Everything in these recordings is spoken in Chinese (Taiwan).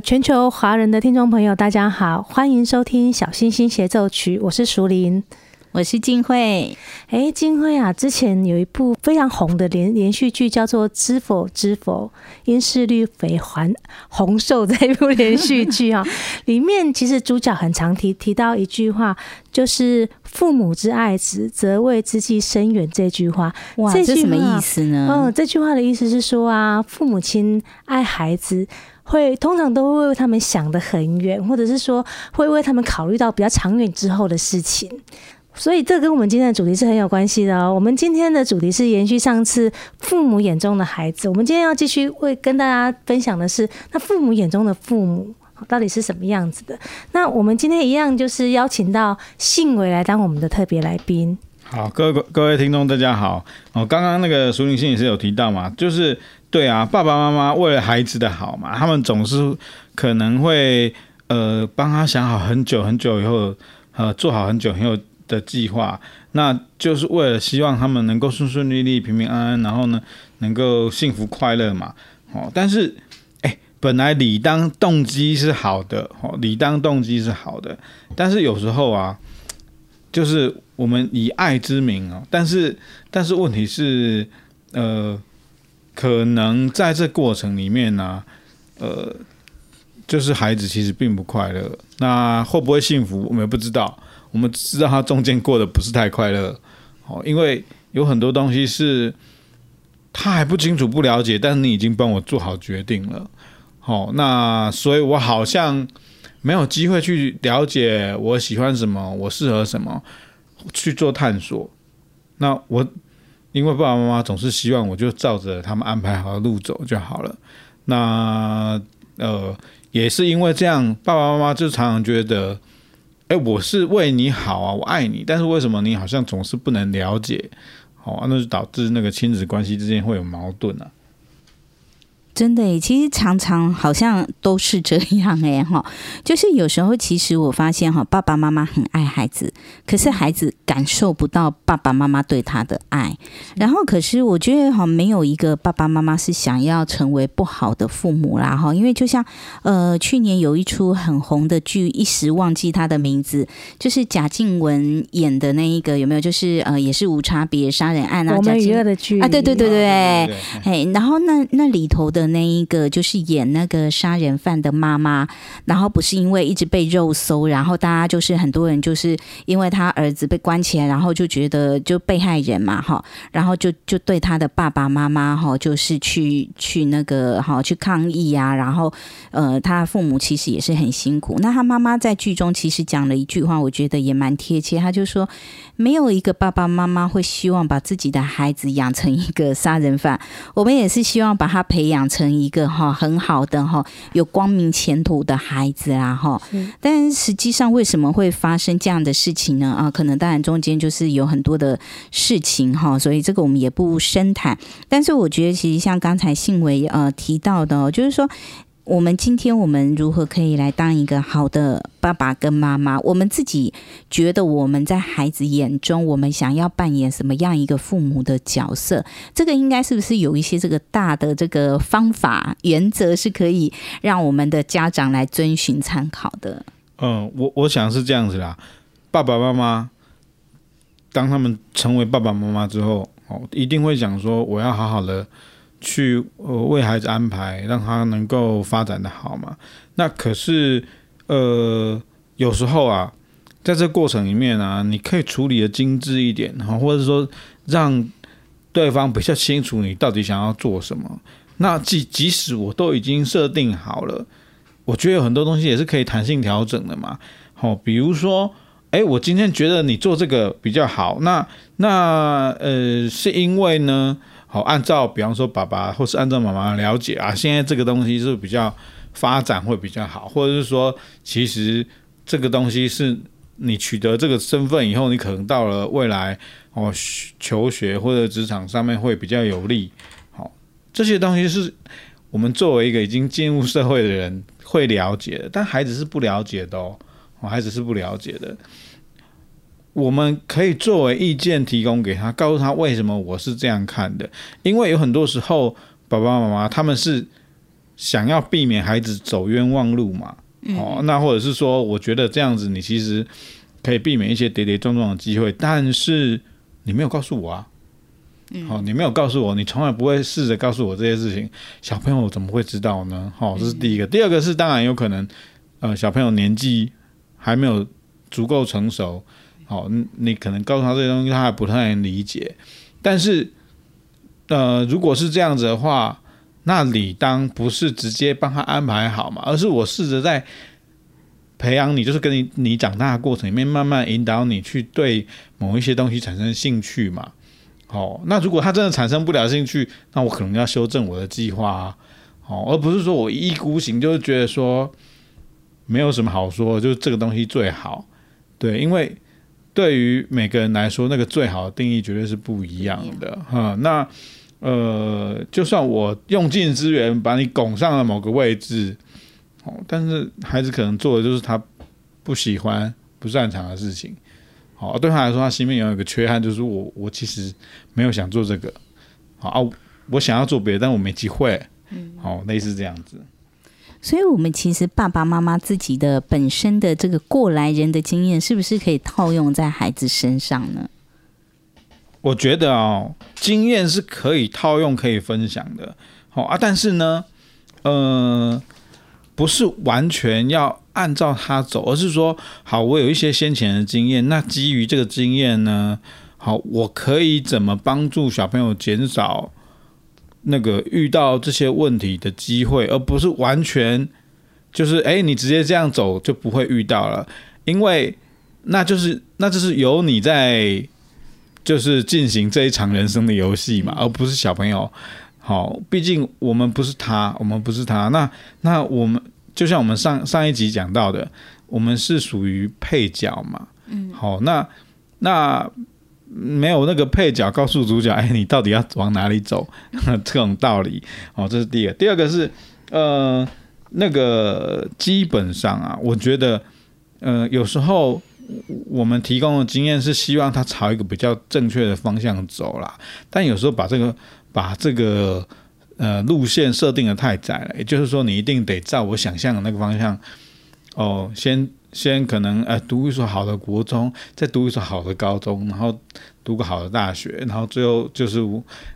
全球華人的聽眾朋友，大家好，歡迎收聽《小星星協奏曲》，我是淑鈴。我是靜慧，哎，靜慧啊，之前有一部非常紅的連連續劇，叫做《知否知否應是綠肥還紅瘦》這一部連續劇啊、哦， 裡面其實主角很常提提到一句話，就是“父母之愛子，則為之計深遠”這句話。哇，這什麼意思呢？嗯、哦，這句話的意思是說啊，父母親愛孩子，會通常都會為他們想得很遠，或者是說會為他們考慮到比較長遠之後的事情。所以這跟我們今天的主題是很有關係的哦。我們今天的主題是延續上次父母眼中的孩子，我們今天要繼續會跟大家分享的是，那父母眼中的父母到底是什麼樣子的？那我們今天一樣就是邀請到信維來當我們的特別來賓。好，各位各位聽眾大家好哦。剛剛那個淑鈴也是有提到嘛，就是對啊，爸爸媽媽為了孩子的好嘛，他們總是可能會呃幫他想好很久很久以後，呃做好很久很久的計劃，那就是為了希望他們能夠順順利利、平平安安，嗯、然後呢，能夠幸福快樂嘛。哦，但是，哎，本來理當動機是好的，哦，理當動機是好的，但是有時候啊，就是我們以愛之名哦，但是，但是問題是，呃，可能在這過程裡面呢、啊，呃，就是孩子其實並不快樂，那會不會幸福，我們也不知道。我們知道他中間過得不是太快樂，哦，因為有很多東西是他還不清楚、不了解，但是你已經幫我做好決定了，好、哦，那所以我好像沒有機會去了解我喜歡什麼，我適合什麼去做探索。那我因為爸爸媽媽總是希望我就照着他們安排好的路走就好了。那呃，也是因為這樣，爸爸媽媽就常常覺得。哎，我是為你好啊，我愛你，但是為什麼你好像總是不能了解？哦，啊，那就導致那個親子關係之間會有矛盾啊。真的、欸、其實常常好像都是這樣哎，哈，就是有時候其實我發現哈，爸爸媽媽很愛孩子，可是孩子感受不到爸爸媽媽對他的愛。然後可是我覺得哈，沒有一個爸爸媽媽是想要成為不好的父母啦哈，因為就像呃，去年有一出很紅的劇，一時忘記他的名字，就是賈靜雯演的那一個有沒有？就是呃，也是無差別殺人案啊，我們與惡的距離啊，對對對、啊、對，對，對，哎、欸，然後那那裡頭的。那一個就是演那個殺人犯的媽媽，然後不是因為一直被肉搜，然後大家就是很多人就是因為他兒子被關起來，然後就覺得就被害人嘛，哈，然後就就對他的爸爸媽媽哈，就是去去那個哈去抗議啊，然後呃，他父母其實也是很辛苦。那他媽媽在劇中其實講了一句話，我覺得也蠻貼切，他就說：“沒有一個爸爸媽媽會希望把自己的孩子養成一個殺人犯，我們也是希望把他培養。”成一個哈很好的哈有光明前途的孩子啊哈，是但實際上為什麼會發生這樣的事情呢？啊，可能當然中間就是有很多的事情哈，所以這個我們也不深談。但是我覺得其實像剛才信維呃提到的，就是說。我們今天，我們如何可以來當一個好的爸爸跟媽媽？我們自己覺得我們在孩子眼中，我們想要扮演什麼樣一個父母的角色？這個應該是不是有一些這個大的這個方法原則，是可以讓我們的家長來遵循參考的？嗯，我我想是這樣子啦。爸爸媽媽當他們成為爸爸媽媽之後，哦，一定會想說我要好好的。去呃為孩子安排，讓他能夠發展得好嘛？那可是呃有時候啊，在這過程裡面啊，你可以處理得精緻一點哈、哦，或者說讓對方比較清楚你到底想要做什麼。那即即使我都已經設定好了，我覺得有很多東西也是可以彈性調整的嘛。好、哦，比如說，哎、欸，我今天覺得你做這個比較好，那那呃是因為呢？好、哦，按照比方說爸爸或是按照媽媽了解啊，現在這個東西是比較發展會比較好，或者是說，其實這個東西是你取得這個身份以後，你可能到了未來哦，求學或者職場上面會比較有利。好、哦，這些東西是我們作為一個已經進入社會的人會了解的，但孩子是不了解的哦，哦，孩子是不了解的。我們可以作為意見提供給他，告訴他為什麼我是這樣看的。因為有很多時候，爸爸媽媽他們是想要避免孩子走冤枉路嘛。嗯、哦，那或者是說，我覺得這樣子你其實可以避免一些跌跌撞撞的機會，但是你沒有告訴我啊。好、嗯哦，你沒有告訴我，你從來不會試着告訴我這些事情，小朋友怎麼會知道呢？哦，這是第一個。嗯、第二個是，當然有可能，呃，小朋友年紀還沒有足夠成熟。好、哦，你可能告訴他這些東西，他還不太能理解。但是，呃，如果是這樣子的話，那理當不是直接幫他安排好嘛，而是我試着在培養你，就是跟你你長大的過程裡面，慢慢引導你去對某一些東西產生興趣嘛。哦，那如果他真的產生不了興趣，那我可能要修正我的計劃啊。哦，而不是說我一意孤行，就是覺得說沒有什麼好說，就是這個東西最好。對，因為。對於每個人來說，那個最好的定義絕對是不一樣的哈、嗯。那呃，就算我用盡資源把你拱上了某個位置，哦，但是孩子可能做的就是他不喜歡、不擅長的事情。哦，對他來說，他心裡有一個缺憾，就是我我其實沒有想做這個。好啊，我想要做別的，但我沒機會。嗯，好，類似這樣子。所以，我們其實爸爸媽媽自己的本身的這個過來人的經驗，是不是可以套用在孩子身上呢？我覺得啊、哦，經驗是可以套用、可以分享的。好、哦、啊，但是呢，呃，不是完全要按照他走，而是說，好，我有一些先前的經驗，那基於這個經驗呢，好，我可以怎麼幫助小朋友減少？那個遇到這些問題的機會，而不是完全就是哎、欸，你直接這樣走就不會遇到了，因為那就是那就是由你在就是進行這一場人生的遊戲嘛，嗯、而不是小朋友。好，畢竟我們不是他，我們不是他。那那我們就像我們上上一集講到的，我們是屬於配角嘛。嗯，好，那那。沒有那個配角告訴主角：“哎，你到底要往哪裡走？”這種道理哦，這是第一個。第二個是，呃，那個基本上啊，我覺得，呃，有時候我們提供的經驗是希望他朝一個比較正確的方向走啦，但有時候把這個把這個呃路線設定得太窄了，也就是說，你一定得照我想象的那個方向哦，先。先可能呃讀一所好的國中，再讀一所好的高中，然後讀個好的大學，然後最後就是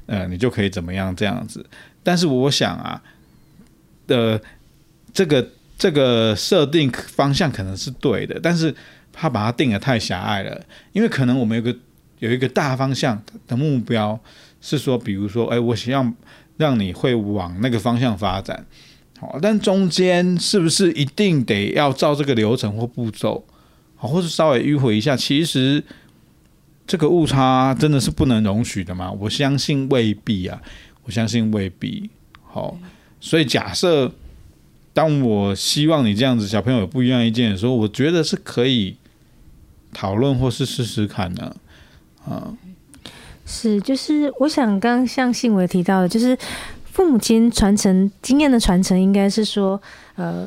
呃你就可以怎麼樣這樣子。但是我想啊，呃這個這個設定方向可能是對的，但是他把它定得太狹隘了，因為可能我們有個有一個大方向的目標是說，比如說哎，我希望讓你會往那個方向發展。但中間是不是一定得要照這個流程或步驟，好，或是稍微迂迴一下？其實這個誤差真的是不能容許的嗎？我相信未必啊，我相信未必。好，所以假設，當我希望你這樣子，小朋友有不一樣意見的時候，我覺得是可以討論或是試試看的。啊，嗯、是，就是我想剛像信維也提到的，就是。父母親傳承經驗的傳承，應該是說，呃，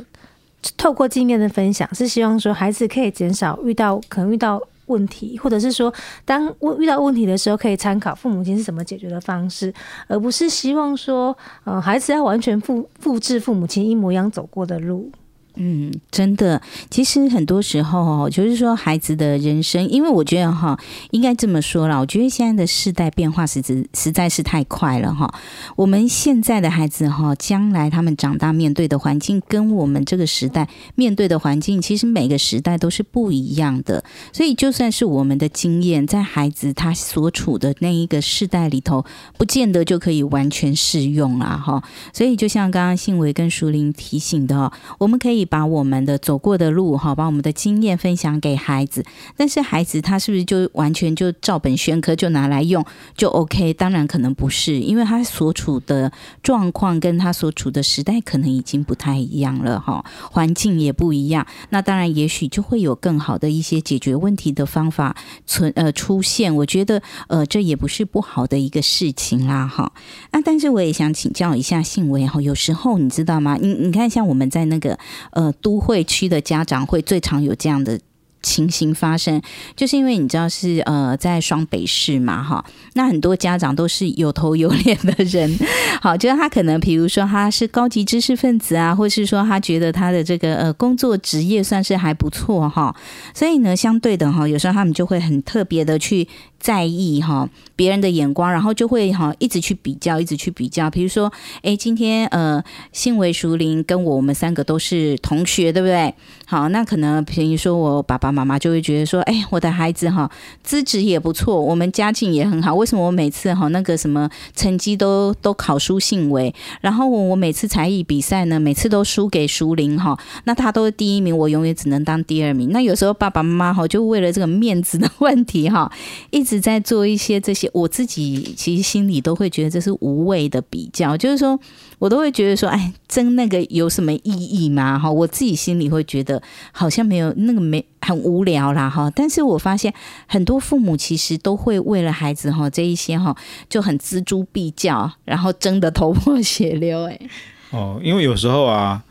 透過經驗的分享，是希望說孩子可以減少遇到可能遇到問題，或者是說，當問遇到問題的時候，可以參考父母親是怎麼解決的方式，而不是希望說，呃，孩子要完全復複製父母親一模一樣走過的路。嗯，真的，其實很多時候哦，就是說孩子的人生，因為我覺得哈，應該這麼說了，我覺得現在的世代變化實質實在是太快了哈。我們現在的孩子哈，將來他們長大面對的環境，跟我們這個時代面對的環境，其實每個時代都是不一樣的。所以就算是我們的經驗，在孩子他所處的那一個世代裡頭，不見得就可以完全適用了哈。所以就像剛剛信維跟淑鈴提醒的哦，我們可以。把我們的走過的路，哈，把我們的經驗分享給孩子，但是孩子他是不是就完全就照本宣科就拿來用就 OK？當然可能不是，因為他所處的狀況跟他所處的時代可能已經不太一樣了，哈，環境也不一樣。那當然，也許就會有更好的一些解決問題的方法存呃出現。我覺得呃，這也不是不好的一個事情啦，哈，啊。那但是我也想請教一下信維哈，有時候你知道嗎？你你看，像我們在那個。呃，都會區的家長會最常有這樣的情形發生，就是因為你知道是呃，在雙北市嘛，哈，那很多家長都是有頭有臉的人，好，就是他可能比如說他是高級知識分子啊，或是說他覺得他的這個呃工作職業算是還不錯哈，所以呢，相對的哈，有時候他們就會很特別的去。在意哈別人的眼光，然後就會哈一直去比較，一直去比較。比如說，哎，今天呃，信維、淑鈴跟我我們三個都是同學，對不對？好，那可能比如說我爸爸媽媽就會覺得說，哎，我的孩子哈資質也不錯，我們家境也很好，為什麼我每次哈那個什麼成績都都考輸信維，然後我我每次才藝比賽呢，每次都輸給淑鈴哈，那他都是第一名，我永遠只能當第二名。那有時候爸爸媽媽哈就為了這個面子的問題哈，一直。在做一些這些，我自己其實心裡都會覺得這是無謂的比較，就是說我都會覺得說，哎，爭那個有什麼意義嘛？哈，我自己心裡會覺得好像沒有那個沒很無聊啦，哈。但是我發現很多父母其實都會為了孩子哈這一些哈就很錙銖必較，然後爭得頭破血流、欸。哎，哦，因為有時候啊，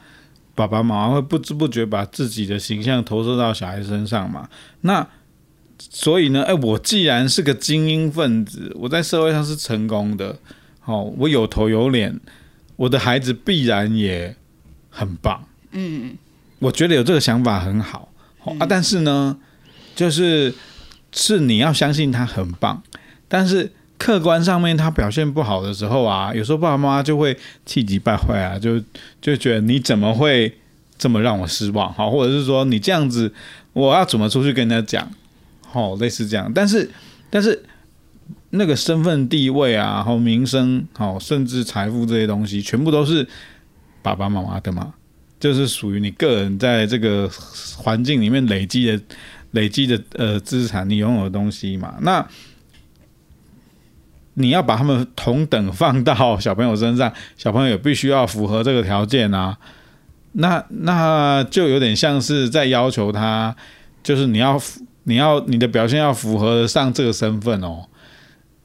爸爸媽媽會不知不覺把自己的形象投射到小孩身上嘛，那。所以呢，哎，我既然是個精英分子，我在社會上是成功的，哦，我有頭有臉，我的孩子必然也很棒。嗯，我覺得有這個想法很好，哦，嗯，啊，但是呢，就是是你要相信他很棒，但是客觀上面他表現不好的時候啊，有時候爸爸媽媽就會氣急敗壞啊，就就覺得你怎麼會這麼讓我失望？好，哦，或者是說你這樣子，我要怎麼出去跟人家講？哦，類似這樣，但是，但是那個身份地位啊，好名聲，好、哦、甚至財富這些東西，全部都是爸爸媽媽的嘛，就是屬於你個人在這個環境裡面累積的、累積的呃資產，你擁有的東西嘛。那你要把他們同等放到小朋友身上，小朋友必須要符合這個條件啊。那那就有點像是在要求他，就是你要。你要你的表現要符合上這個身份哦，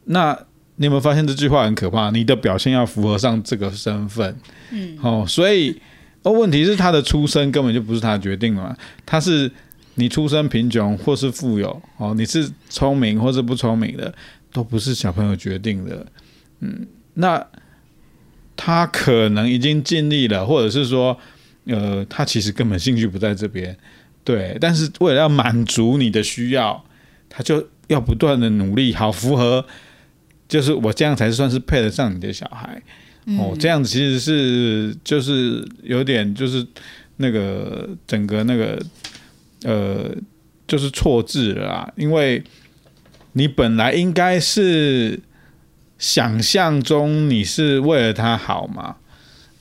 那你有沒有發現這句話很可怕？你的表現要符合上這個身份，嗯、哦，所以，哦，問題是他的出生根本就不是他的決定了嘛，他是你出生貧窮或是富有哦，你是聰明或是不聰明的，都不是小朋友決定的，嗯，那他可能已經盡力了，或者是說，呃，他其實根本興趣不在這邊。對，但是為了要滿足你的需要，他就要不斷的努力，好符合，就是我這樣才算是配得上你的小孩、嗯、哦。這樣子其實是就是有點就是那個整個那個呃，就是錯置了啦，因為你本來應該是想象中你是為了他好嘛，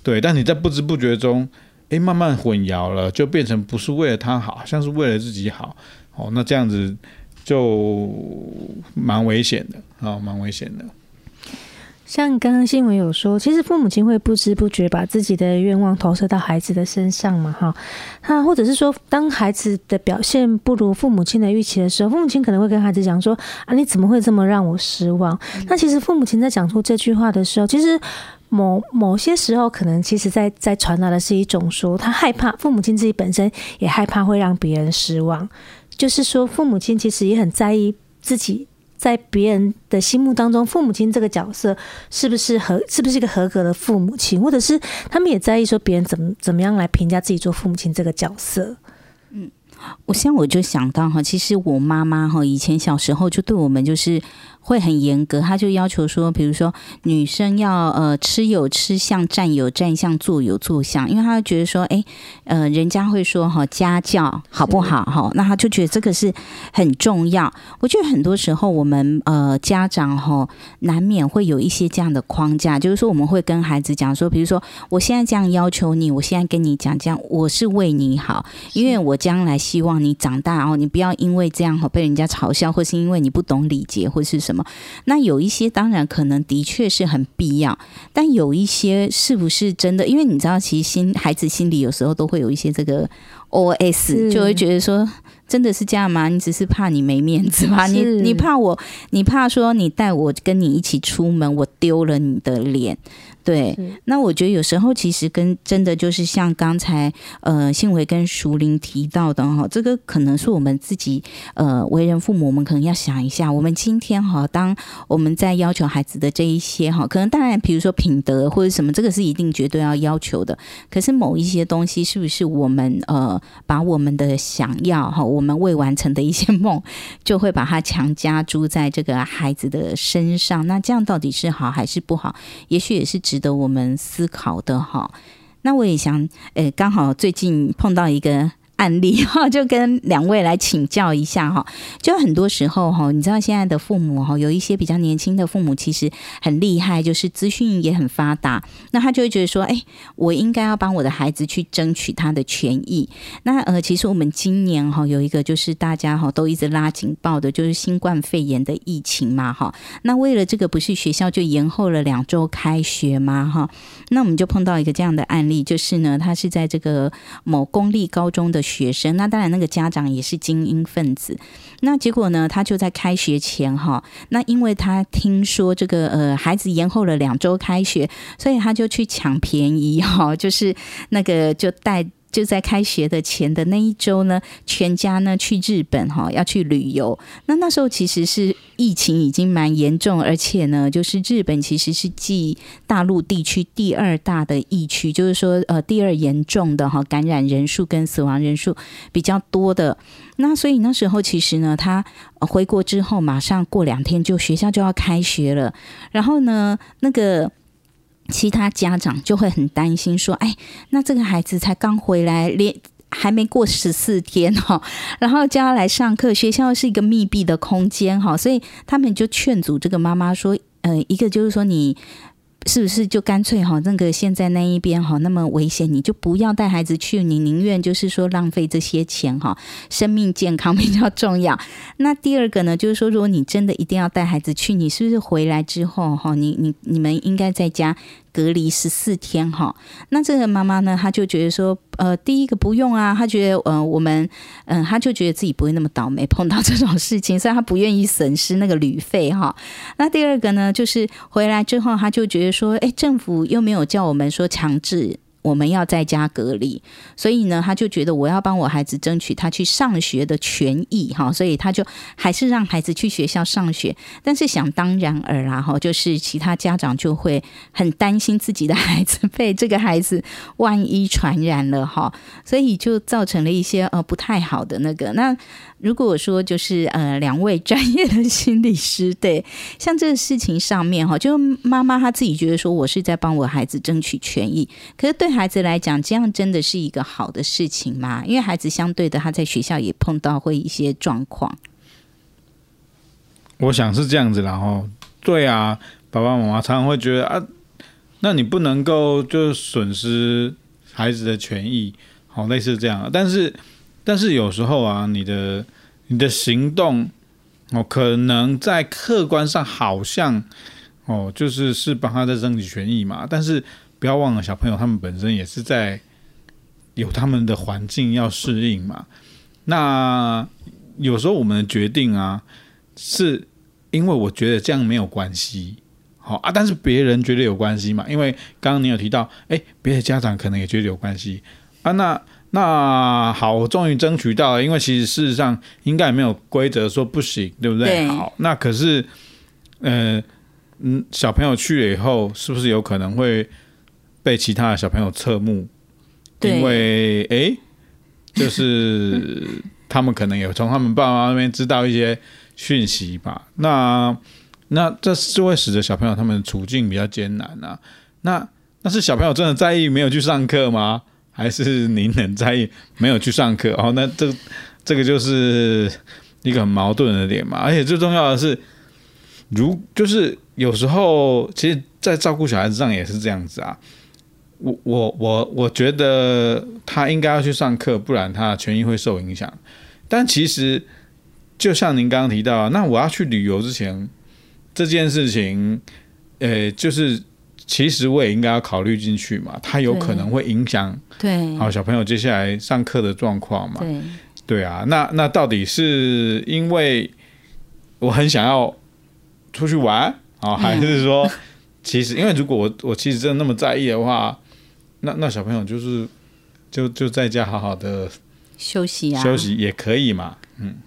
對，但你在不知不覺中。誒，慢慢混淆了，就變成不是為了他好，像是為了自己好哦。那這樣子就蠻危險的，啊、哦，蠻危險的。像剛剛信維有說，其實父母親會不知不覺把自己的願望投射到孩子的身上嘛，哈。那或者是說，當孩子的表現不如父母親的預期的時候，父母親可能會跟孩子講說：“啊，你怎麼會這麼讓我失望？”嗯、那其實父母親在講出這句話的時候，其實。某某些時候，可能其實在，在在傳達的是一種說，他害怕父母親自己本身也害怕會讓別人失望。就是說，父母親其實也很在意自己在別人的心目當中，父母親這個角色是不是合，是不是一個合格的父母親，或者是他們也在意說別人怎麼怎麼樣來評價自己做父母親這個角色。嗯，我現在我就想到哈，其實我媽媽哈以前小時候就對我們就是。會很嚴格，他就要求說，比如說女生要呃吃有吃相，站有站相，坐有坐相，因為他會覺得說，誒，呃，人家會說哈家教好不好哈，的那他就覺得這個是很重要。我覺得很多時候我們呃家長哈難免會有一些這樣的框架，就是說我們會跟孩子講說，比如說我現在這樣要求你，我現在跟你講這樣，我是為你好，的因為我將來希望你長大哦，你不要因為這樣哈被人家嘲笑，或是因為你不懂禮節或是什麼。那有一些當然可能的確是很必要，但有一些是不是真的？因為你知道，其實心孩子心裡有時候都會有一些這個 OS，是 就會覺得說真的是這樣嗎？你只是怕你沒面子嗎？是你你怕我？你怕說你帶我跟你一起出門，我丟了你的臉。對，那我覺得有時候其實跟真的就是像剛才呃信維跟淑鈴提到的哈，這個可能是我們自己呃為人父母，我們可能要想一下，我們今天哈，當我們在要求孩子的這一些哈，可能當然比如說品德或者什麼，這個是一定絕對要要求的，可是某一些東西是不是我們呃把我們的想要哈，我們未完成的一些夢，就會把它強加諸在這個孩子的身上，那這樣到底是好還是不好？也許也是只。值得我們思考的哈，那我也想，誒，剛好最近碰到一個案例哈，就跟兩位來請教一下哈。就很多時候哈，你知道現在的父母哈，有一些比較年輕的父母其實很厲害，就是資訊也很發達，那他就會覺得說，誒，我應該要幫我的孩子去爭取他的權益。那呃，其實我們今年哈有一個就是大家哈都一直拉警報的，就是新冠肺炎的疫情嘛哈。那為了這個，不是學校就延後了兩周開學嘛哈。那我們就碰到一個這樣的案例，就是呢，他是在這個某公立高中的。學生，那當然那個家長也是精英分子，那結果呢？他就在開學前哈，那因為他聽說這個呃孩子延後了兩周開學，所以他就去搶便宜哈，就是那個就帶。就在開學的前的那一周呢，全家呢去日本哈，要去旅遊。那那時候其實是疫情已經蠻嚴重，而且呢，就是日本其實是繼大陸地區第二大的疫區，就是說呃第二嚴重的哈，感染人數跟死亡人數比較多的。那所以那時候其實呢，他回國之後，馬上過兩天就學校就要開學了，然後呢，那個。其他家長就會很擔心，說：“哎，那這個孩子才剛回來，連還沒過十四天哈，然後就要來上課。學校是一個密閉的空間哈，所以他們就勸阻這個媽媽說：呃，一個就是說你。”是不是就乾脆哈，那個現在那一邊哈，那麼危險，你就不要帶孩子去。你寧願就是說浪費這些錢哈，生命健康比較重要。那第二個呢，就是說，如果你真的一定要帶孩子去，你是不是回來之後哈，你你你們應該在家。隔離十四天哈，那這個媽媽呢，她就覺得說，呃，第一個不用啊，她覺得，嗯、呃，我們，嗯、呃，她就覺得自己不會那麼倒霉碰到這種事情，所以她不願意損失那個旅費哈。那第二個呢，就是回來之後，她就覺得說，誒、欸，政府又沒有叫我們說強制。我們要在家隔離，所以呢，他就覺得我要幫我孩子爭取他去上學的權益哈，所以他就還是讓孩子去學校上學。但是想當然而然、啊、哈，就是其他家長就會很擔心自己的孩子被這個孩子萬一傳染了哈，所以就造成了一些呃不太好的那個。那如果說就是呃兩位專業的心理師，對，像這個事情上面哈，就媽媽她自己覺得說我是在幫我孩子爭取權益，可是對孩子來講，這樣真的是一個好的事情嗎？因為孩子相對的，他在學校也碰到會一些狀況。我想是這樣子啦哦。對啊，爸爸媽媽常常會覺得啊，那你不能夠就損失孩子的權益，好、哦、類似這樣。但是，但是有時候啊，你的你的行動哦，可能在客觀上好像哦，就是是幫他在爭取權益嘛，但是。不要忘了，小朋友他們本身也是在有他們的環境要適應嘛。那有時候我們的決定啊，是因為我覺得這樣沒有關係，好、哦、啊。但是別人覺得有關係嘛？因為剛剛你有提到，哎，別的家長可能也覺得有關係啊。那那好，我終於爭取到了，因為其實事實上應該也沒有規則說不行，對不對？好對，那可是，嗯、呃、嗯，小朋友去了以後，是不是有可能會？被其他的小朋友側目，因為對誒，就是他們可能也從他們爸媽那邊知道一些訊息吧。那那這就會使得小朋友他們處境比較艱難啊。那那是小朋友真的在意沒有去上課嗎？還是您很在意沒有去上課？哦，那這這個就是一個很矛盾的點嘛。而且最重要的是，如就是有時候，其實在照顧小孩子上也是這樣子啊。我我我我覺得他應該要去上課，不然他的權益會受影響。但其實就像您剛剛提到，那我要去旅遊之前這件事情，呃、欸，就是其實我也應該要考慮進去嘛，他有可能會影響。對，好，小朋友接下來上課的狀況嘛。對對啊，那那到底是因為我很想要出去玩啊、哦，還是說 其實因為如果我我其實真的那麼在意的話？那那小朋友就是，就就在家好好的休息啊，休息也可以嘛，啊、嗯。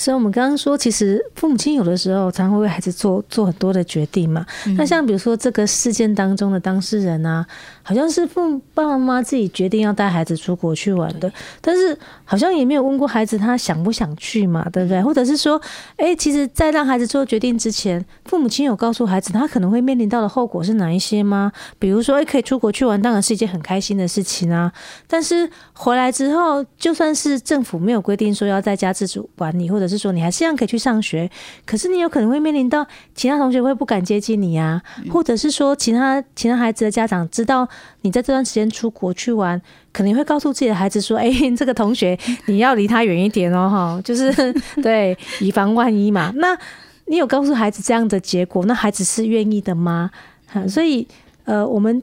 所以，我們剛剛說，其實父母親有的時候常常會為孩子做做很多的決定嘛。嗯、那像比如說這個事件當中的當事人啊，好像是父爸爸媽媽自己決定要帶孩子出國去玩的，對但是好像也沒有問過孩子他想不想去嘛，對不對？嗯、或者是說，哎、欸，其實，在讓孩子做決定之前，父母親有告訴孩子他可能會面臨到的後果是哪一些嗎？比如說，哎、欸，可以出國去玩，當然是一件很開心的事情啊。但是回來之後，就算是政府沒有規定說要在家自主管理，或者就是說你還是這樣可以去上學，可是你有可能會面臨到其他同學會不敢接近你啊，或者是說其他其他孩子的家長知道你在這段時間出國去玩，可能會告訴自己的孩子說：“誒、 欸，這個同學你要離他遠一點哦，哈， 就是對，以防萬一嘛。那”那你有告訴孩子這樣的結果，那孩子是願意的嗎？嗯、所以呃，我們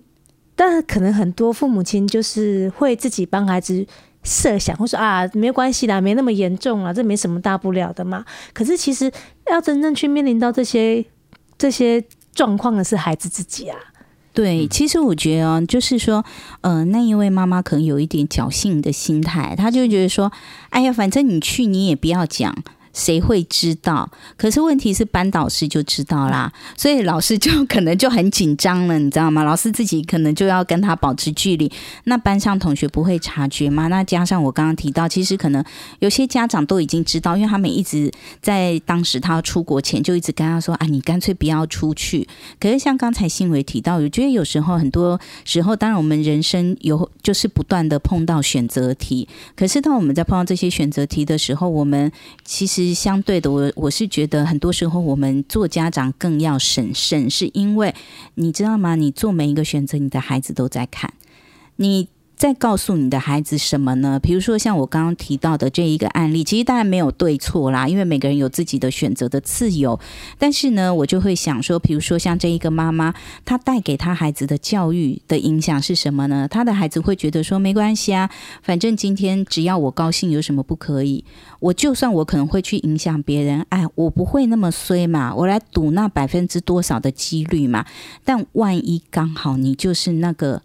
但可能很多父母親就是會自己幫孩子。設想，或說啊，沒關係啦，沒那麼嚴重啊，這沒什麼大不了的嘛。可是其實要真正去面臨到這些這些狀況的是孩子自己啊。對，其實我覺得哦，就是說，嗯，那一位媽媽可能有一點僥幸的心態，她就覺得說，哎呀，反正你去，你也不要講。誰會知道？可是問題是班導師就知道啦，所以老師就可能就很緊張了，你知道嗎？老師自己可能就要跟他保持距離。那班上同學不會察覺嗎？那加上我剛剛提到，其實可能有些家長都已經知道，因為他們一直在當時他要出國前就一直跟他說：“啊，你乾脆不要出去。”可是像剛才信維提到，我覺得有時候很多時候，當然我們人生有就是不斷的碰到選擇題。可是當我們在碰到這些選擇題的時候，我們其實。相對的，我我是覺得很多時候我們做家長更要審慎，審是因為你知道嗎？你做每一個選擇，你的孩子都在看你。在告訴你的孩子什麼呢？比如說像我剛剛提到的這一個案例，其實當然沒有對錯啦，因為每個人有自己的選擇的自由。但是呢，我就會想說，比如說像這一個媽媽，她帶給她孩子的教育的影響是什麼呢？她的孩子會覺得說，沒關係啊，反正今天只要我高興，有什麼不可以？我就算我可能會去影響別人，哎，我不會那麼衰嘛，我來賭那百分之多少的幾率嘛？但萬一剛好你就是那個。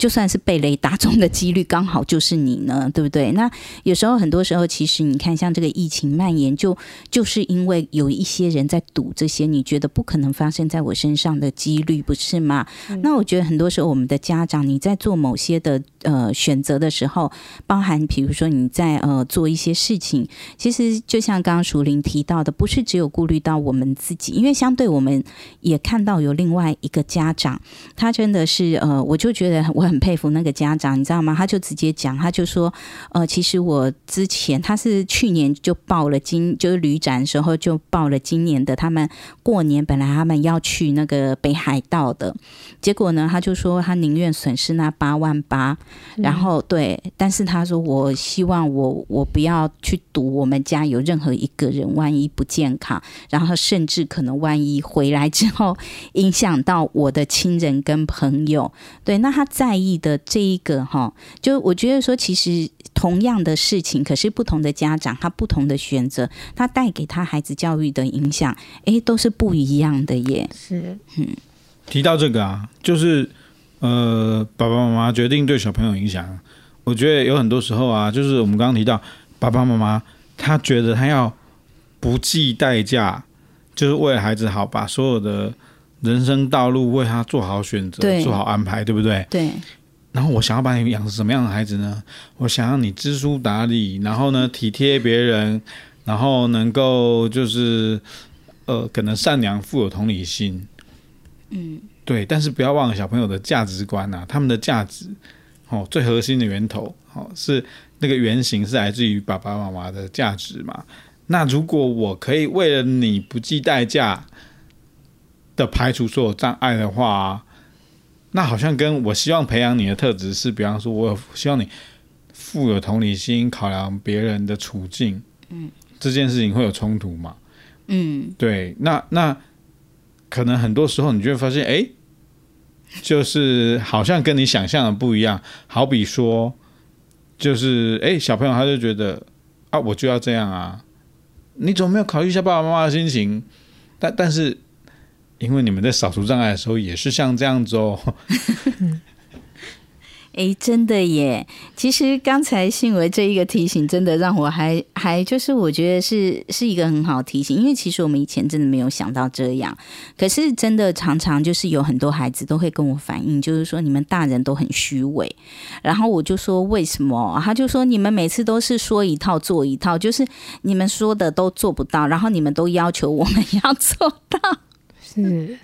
就算是被雷打中的幾率剛好就是你呢，對不對？那有時候很多時候，其實你看，像這個疫情蔓延，就就是因為有一些人在賭這些你覺得不可能發生在我身上的幾率，不是嗎？嗯、那我覺得很多時候，我們的家長，你在做某些的。呃，選擇的時候，包含比如說你在呃做一些事情，其實就像剛剛淑鈴提到的，不是只有顧慮到我們自己，因為相對我們也看到有另外一個家長，他真的是呃，我就覺得我很佩服那個家長，你知道嗎？他就直接講，他就說，呃，其實我之前他是去年就報了今就是旅展的時候就報了今年的，他們過年本來他們要去那個北海道的，結果呢，他就說他寧願損失那八萬八。然後對，但是他說，我希望我，我不要去賭我們家有任何一個人萬一不健康,然後甚至可能萬一回來之後影響到我的親人跟朋友。對，那他在意的這一個哈，就我覺得說，其實同樣的事情，可是不同的家長，他不同的選擇，他帶給他孩子教育的影響，誒，都是不一樣的耶。是，嗯。提到這個啊，就是。呃，爸爸媽媽決定對小朋友影響，我覺得有很多時候啊，就是我們剛剛提到，爸爸媽媽他覺得他要不計代價，就是為了孩子好，把所有的人生道路為他做好選擇，對做好安排，對不對？對。然後我想要把你養成什麼樣的孩子呢？我想要你知書達理，然後呢體貼別人，然後能夠就是呃，可能善良、富有同理心。嗯。對，但是不要忘了小朋友的價值觀吶、啊，他們的價值哦，最核心的源頭，哦，是那個原型是來自於爸爸媽媽的價值嘛。那如果我可以為了你不計代價的排除所有障礙的話、啊，那好像跟我希望培養你的特質是，比方說我希望你富有同理心，考量別人的處境，嗯，這件事情會有衝突嘛？嗯，對，那那可能很多時候你就會發現，誒。就是好像跟你想象的不一樣，好比說，就是哎、欸，小朋友他就覺得啊，我就要這樣啊，你總沒有考慮一下爸爸媽媽的心情，但但是，因為你們在掃除障礙的時候也是像這樣子哦。 哎，真的耶！其實剛才信維這一個提醒，真的讓我還還就是，我覺得是是一個很好的提醒，因為其實我們以前真的沒有想到這樣。可是真的常常就是有很多孩子都會跟我反映，就是說你們大人都很虛偽，然後我就說為什麼？他就說你們每次都是說一套做一套，就是你們說的都做不到，然後你們都要求我們要做到，是。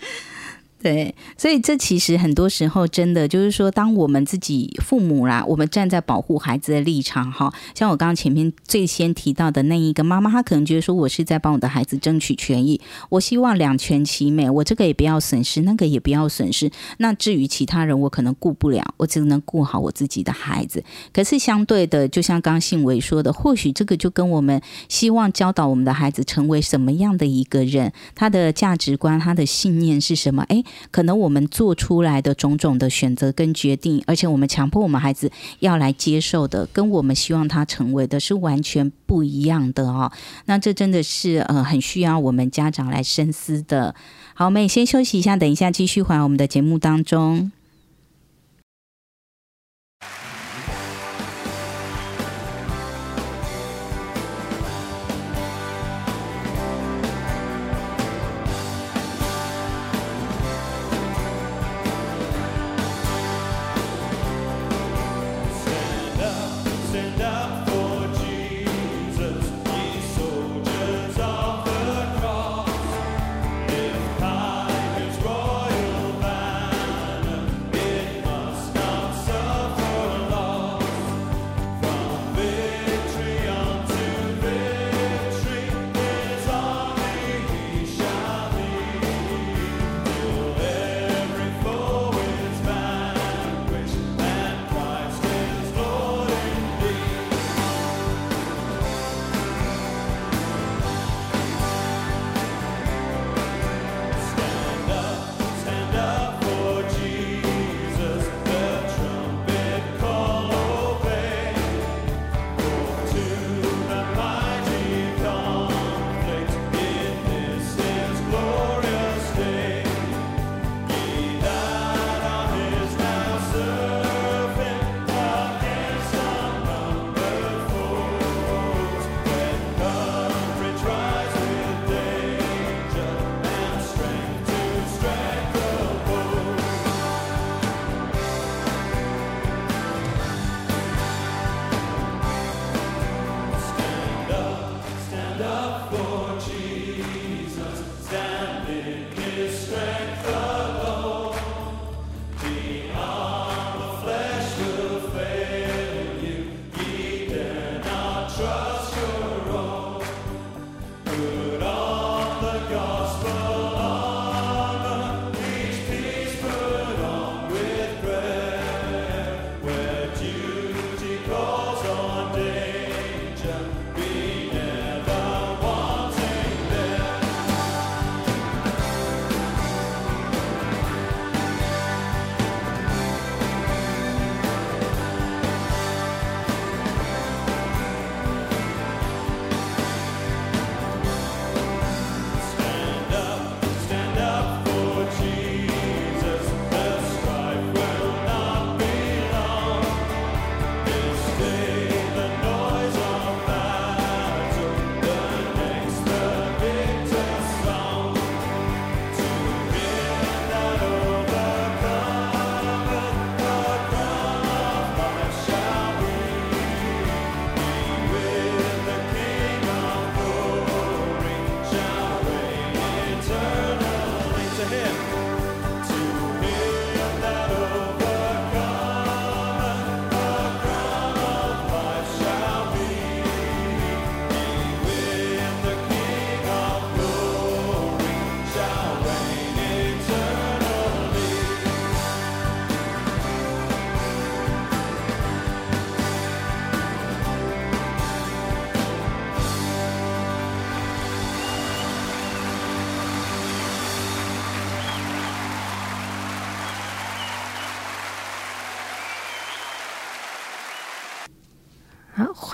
對，所以這其實很多時候真的就是說，當我們自己父母啦，我們站在保護孩子的立場，哈，像我剛剛前面最先提到的那一個媽媽，她可能覺得說我是在幫我的孩子爭取權益，我希望兩全其美，我這個也不要損失，那個也不要損失。那至於其他人，我可能顧不了，我只能顧好我自己的孩子。可是相對的，就像剛剛信維說的，或許這個就跟我們希望教導我們的孩子成為什麼樣的一個人，他的價值觀、他的信念是什麼？誒。可能我們做出來的種種的選擇跟決定，而且我們強迫我們孩子要來接受的，跟我們希望他成為的是完全不一樣的哦。那這真的是呃，很需要我們家長來深思的。好，我們也先休息一下，等一下繼續回我們的節目當中。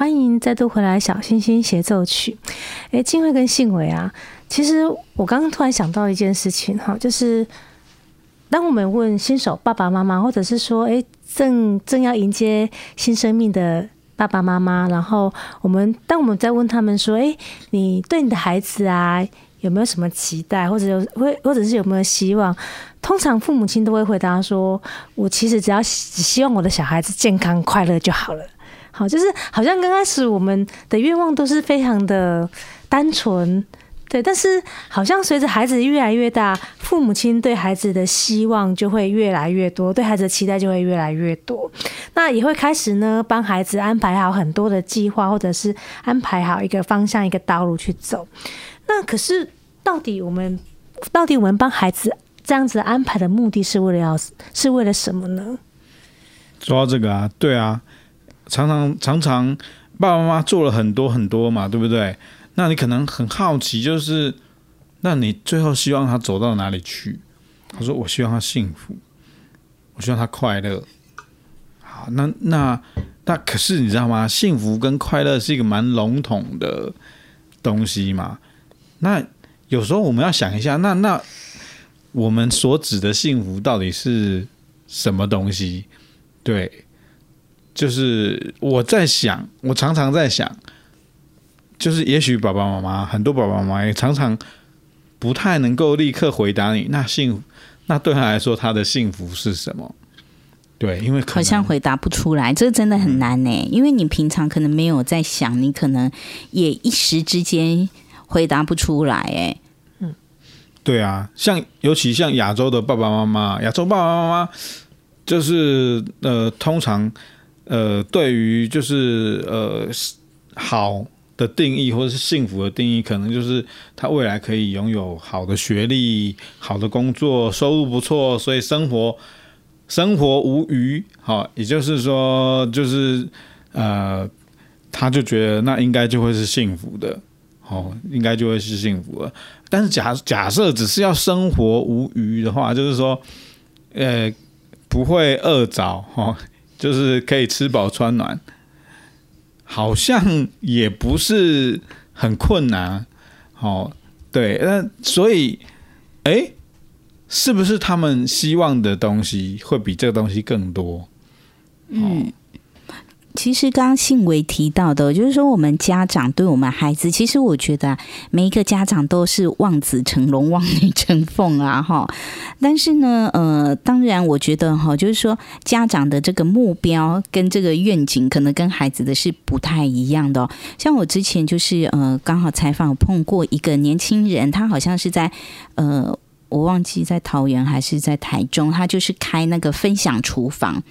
歡迎再度回來，小星星協奏曲。哎，靜慧跟信維啊，其實我剛剛突然想到一件事情哈，就是當我們問新手爸爸媽媽，或者是說，哎，正正要迎接新生命的爸爸媽媽，然後我們當我們在問他們說，哎，你對你的孩子啊，有沒有什麼期待，或者有，或或者是有沒有希望？通常父母親都會回答說，我其實只要只希望我的小孩子健康快樂就好了。好，就是好像剛開始我們的願望都是非常的單純，對，但是好像隨着孩子越來越大，父母親對孩子的希望就會越來越多，對孩子的期待就會越來越多，那也會開始呢，幫孩子安排好很多的計劃，或者是安排好一個方向、一個道路去走。那可是到底我們到底我們幫孩子這樣子安排的目的是為了要是為了什麼呢？主要這個啊，對啊。常常常常，常常爸爸媽媽做了很多很多嘛，對不對？那你可能很好奇，就是那你最後希望他走到哪裡去？他說：“我希望他幸福，我希望他快樂。”好，那那那，那可是你知道嗎？幸福跟快樂是一個蠻籠統的東西嘛。那有時候我們要想一下，那那我們所指的幸福到底是什麼東西？對。就是我在想，我常常在想，就是也許爸爸媽媽，很多爸爸媽媽也常常不太能夠立刻回答你。那幸福，那對他來說，他的幸福是什麼？對，因為可好像回答不出來，這真的很難呢、欸。嗯、因為你平常可能沒有在想，你可能也一時之間回答不出來、欸。哎、嗯，對啊，像尤其像亞洲的爸爸媽媽，亞洲爸爸媽媽就是呃，通常。呃，對於就是呃好的定義，或者是幸福的定義，可能就是他未來可以擁有好的學歷、好的工作、收入不錯，所以生活生活無虞，好、哦，也就是說，就是呃，他就覺得那應該就會是幸福的，好、哦，應該就會是幸福的。但是假假設只是要生活無虞的話，就是說，呃，不會餓著就是可以吃飽穿暖，好像也不是很困難，啊，哦，對，那所以，誒，是不是他們希望的東西會比這個東西更多？嗯。其實，剛剛信維提到的，就是說，我們家長對我們孩子，其實我覺得每一個家長都是望子成龍、望女成鳳啊，哈。但是呢，呃，當然，我覺得哈，哦，就是說，家長的這個目標跟這個願景，可能跟孩子的是不太一樣的，哦。像我之前就是呃，剛好採訪我碰過一個年輕人，他好像是在呃。我忘記在桃園還是在台中，他就是開那個分享廚房。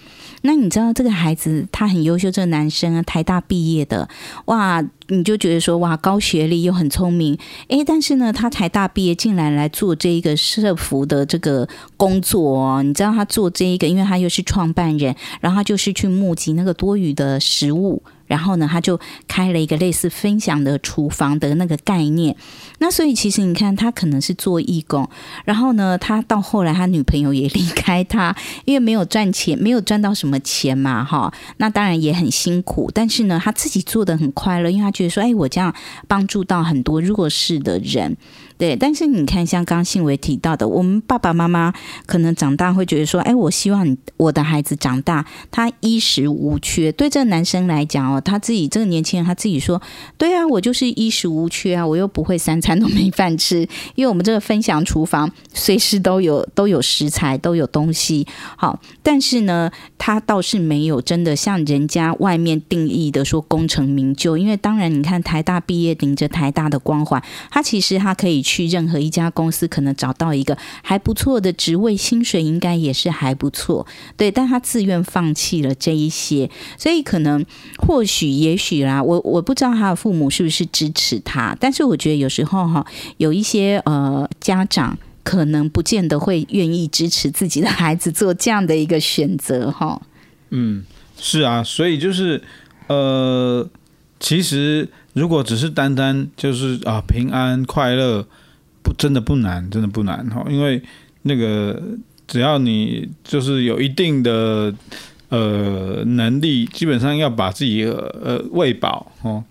那你知道這個孩子他很優秀，這個男生啊，台大畢業的哇，你就覺得說哇，高學歷又很聰明。誒。但是呢，他台大畢業進來來做這一個社服的這個工作哦。你知道他做這一個，因為他又是創辦人，然後他就是去募集那個多餘的食物，然後呢，他就開了一個類似分享的廚房的那個概念。那所以其實你看，他可能是做義工，然後呢，他到後來他女朋友也離開他，因為沒有賺錢，沒有賺到什麼錢嘛，哈。那當然也很辛苦，但是呢，他自己做得很快樂，因為他覺得說，哎，我這樣幫助到很多弱勢的人，對。但是你看，像剛剛信維提到的，我們爸爸媽媽可能長大會覺得說，哎，我希望我的孩子長大，他衣食無缺。對這個男生來講哦，他自己這個年輕人他自己說，對啊，我就是衣食無缺啊，我又不會三餐。都沒飯吃，因為我們這個分享廚房隨時都有，都有食材，都有東西。好，但是呢，他倒是沒有真的像人家外面定義的說功成名就。因為當然，你看台大畢業，頂着台大的光環，他其實他可以去任何一家公司，可能找到一個還不錯的職位，薪水應該也是還不錯。對，但他自願放棄了這一些，所以可能或許也許啦，我我不知道他的父母是不是支持他，但是我覺得有時候。哦、有一些呃家長可能不見得會願意支持自己的孩子做這樣的一個選擇，哈、哦。嗯，是啊，所以就是呃，其實如果只是單單就是啊平安快樂，不真的不難，真的不難哈、哦。因為那個只要你就是有一定的呃能力，基本上要把自己呃，呃餵飽哦、